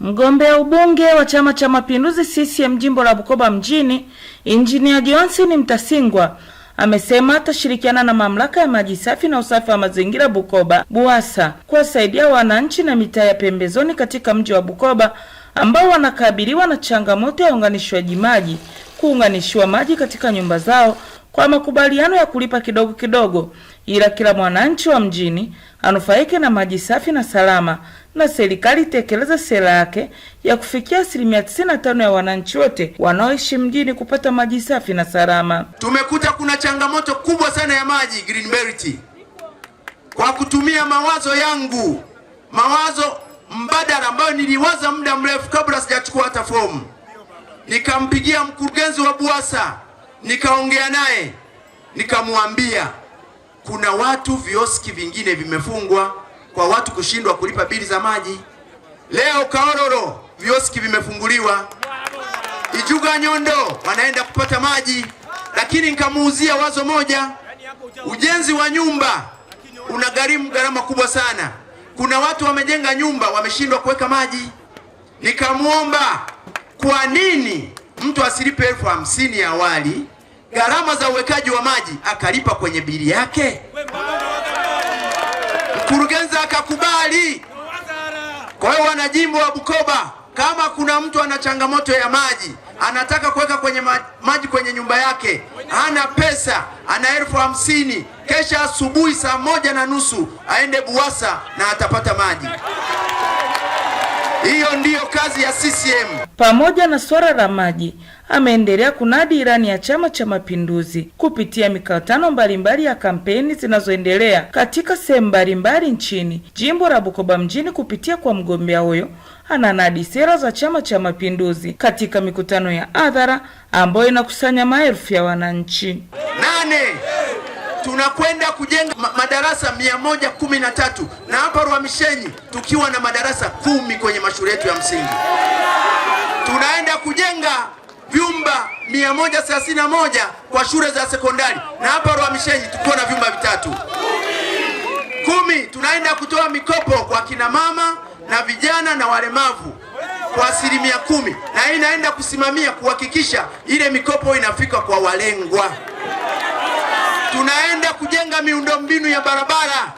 Mgombea ubunge wa Chama cha Mapinduzi CCM jimbo la Bukoba mjini, Injinia Johnson Mtasingwa amesema atashirikiana na mamlaka ya maji safi na usafi wa mazingira Bukoba BUWASA kuwasaidia wananchi na mitaa ya pembezoni katika mji wa Bukoba ambao wanakabiliwa na changamoto ya unganishwaji maji kuunganishiwa maji katika nyumba zao kwa makubaliano ya kulipa kidogo kidogo, ila kila mwananchi wa mjini anufaike na maji safi na salama, na serikali itekeleze sera yake ya kufikia asilimia 95 ya wananchi wote wanaoishi mjini kupata maji safi na salama. Tumekuta kuna changamoto kubwa sana ya maji Green Belt. Kwa kutumia mawazo yangu, mawazo mbadala ambayo niliwaza muda mrefu kabla sijachukua hata fomu nikampigia mkurugenzi wa BUWASA nikaongea naye nikamwambia kuna watu vioski vingine vimefungwa kwa watu kushindwa kulipa bili za maji. Leo Kaororo vioski vimefunguliwa, Ijuga Nyondo wanaenda kupata maji, lakini nikamuuzia wazo moja. Ujenzi wa nyumba unagharimu gharama kubwa sana. Kuna watu wamejenga nyumba wameshindwa kuweka maji, nikamwomba kwa nini mtu asilipe elfu hamsini awali, gharama za uwekaji wa maji akalipa kwenye bili yake, mkurugenzi akakubali? Kwa hiyo wanajimbo wa Bukoba, kama kuna mtu ana changamoto ya maji anataka kuweka kwenye maji kwenye nyumba yake, hana pesa, ana elfu hamsini, kesha asubuhi saa moja na nusu aende Buwasa na atapata maji. Hiyo ndiyo kazi ya CCM. Pamoja na swara la maji, ameendelea kunadi ilani ya Chama cha Mapinduzi kupitia mikutano mbalimbali ya kampeni zinazoendelea katika sehemu mbalimbali nchini. Jimbo la Bukoba mjini kupitia kwa mgombea huyo ananadi sera za Chama cha Mapinduzi katika mikutano ya hadhara ambayo inakusanya maelfu ya wananchi. Nane tunakwenda kujenga madarasa mia moja kumi na tatu na hapa Rwamishenyi tukiwa na madarasa kumi kwenye mashule yetu ya msingi. Tunaenda kujenga vyumba 131 kwa shule za sekondari na hapa Rwamishenyi tukiwa na vyumba vitatu kumi. Tunaenda kutoa mikopo kwa kina mama na vijana na walemavu kwa asilimia kumi, na hii inaenda kusimamia kuhakikisha ile mikopo inafika kwa walengwa. Tunaenda kujenga miundombinu ya barabara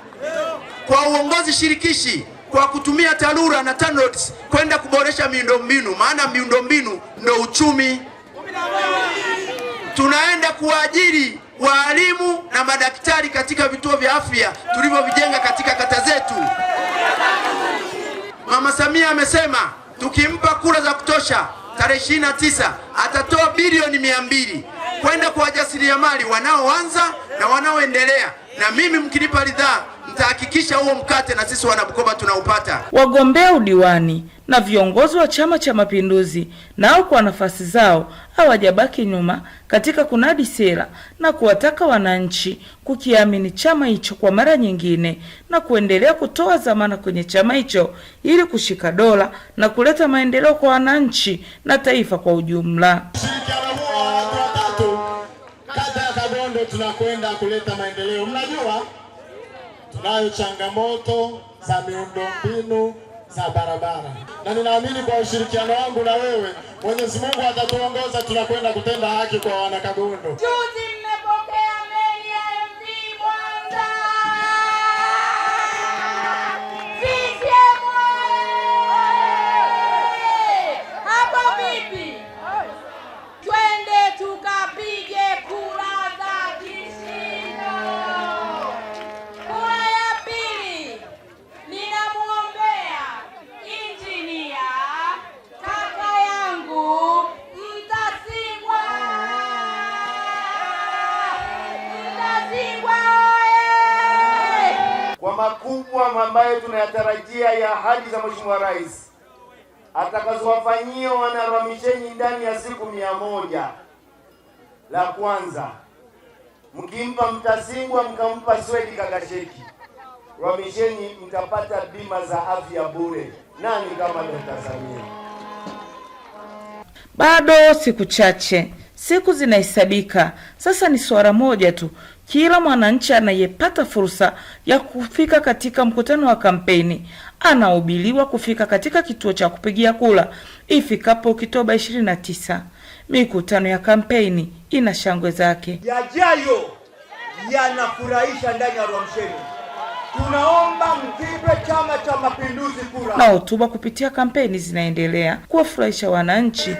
kwa uongozi shirikishi kwa kutumia TARURA na TANROADS kwenda kuboresha miundombinu, maana miundombinu ndo uchumi. Tunaenda kuajiri waalimu na madaktari katika vituo vya afya tulivyovijenga katika kata zetu. Mama Samia amesema tukimpa kura za kutosha tarehe 29 atatoa bilioni mia mbili kwenda kwa wajasiriamali wanaoanza na wanaoendelea, na mimi mkinipa ridhaa mtahakikisha huo mkate na sisi wanabukoba tunaupata. Wagombea udiwani na viongozi wa Chama cha Mapinduzi nao kwa nafasi zao hawajabaki nyuma katika kunadi sera na kuwataka wananchi kukiamini chama hicho kwa mara nyingine na kuendelea kutoa zamana kwenye chama hicho ili kushika dola na kuleta maendeleo kwa wananchi na taifa kwa ujumla. ya kuleta maendeleo. Mnajua tunayo changamoto za miundombinu za barabara, na ninaamini kwa ushirikiano wangu na wewe, Mwenyezi Mungu atatuongoza, tunakwenda kutenda haki kwa Juzi Singwa eh! kwa makubwa ambayo tunayatarajia ya ahadi za Mheshimiwa Rais atakazowafanyia wanaramishenyi ndani ya siku mia moja. La kwanza mkimpa Mtasingwa mkampa Swedi Kakasheki ramishenyi, mtapata bima za afya bure. Nani kama Dkt. Samia? Bado siku chache, siku zinahesabika. Sasa ni swala moja tu, kila mwananchi anayepata fursa ya kufika katika mkutano wa kampeni anaubiliwa kufika katika kituo cha kupigia kura ifikapo Oktoba 29. Mikutano ya kampeni ina shangwe zake. Yajayo yanafurahisha ndani ya Rwamsheni. Tunaomba mkipe Chama cha Mapinduzi kura. Na hotuba kupitia kampeni zinaendelea kuwafurahisha wananchi.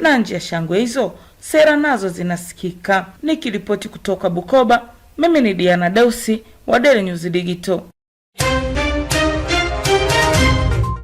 na nje ya shangwe hizo sera nazo zinasikika. Nikiripoti kutoka Bukoba, mimi ni Diana Deusi wa Daily News Digital.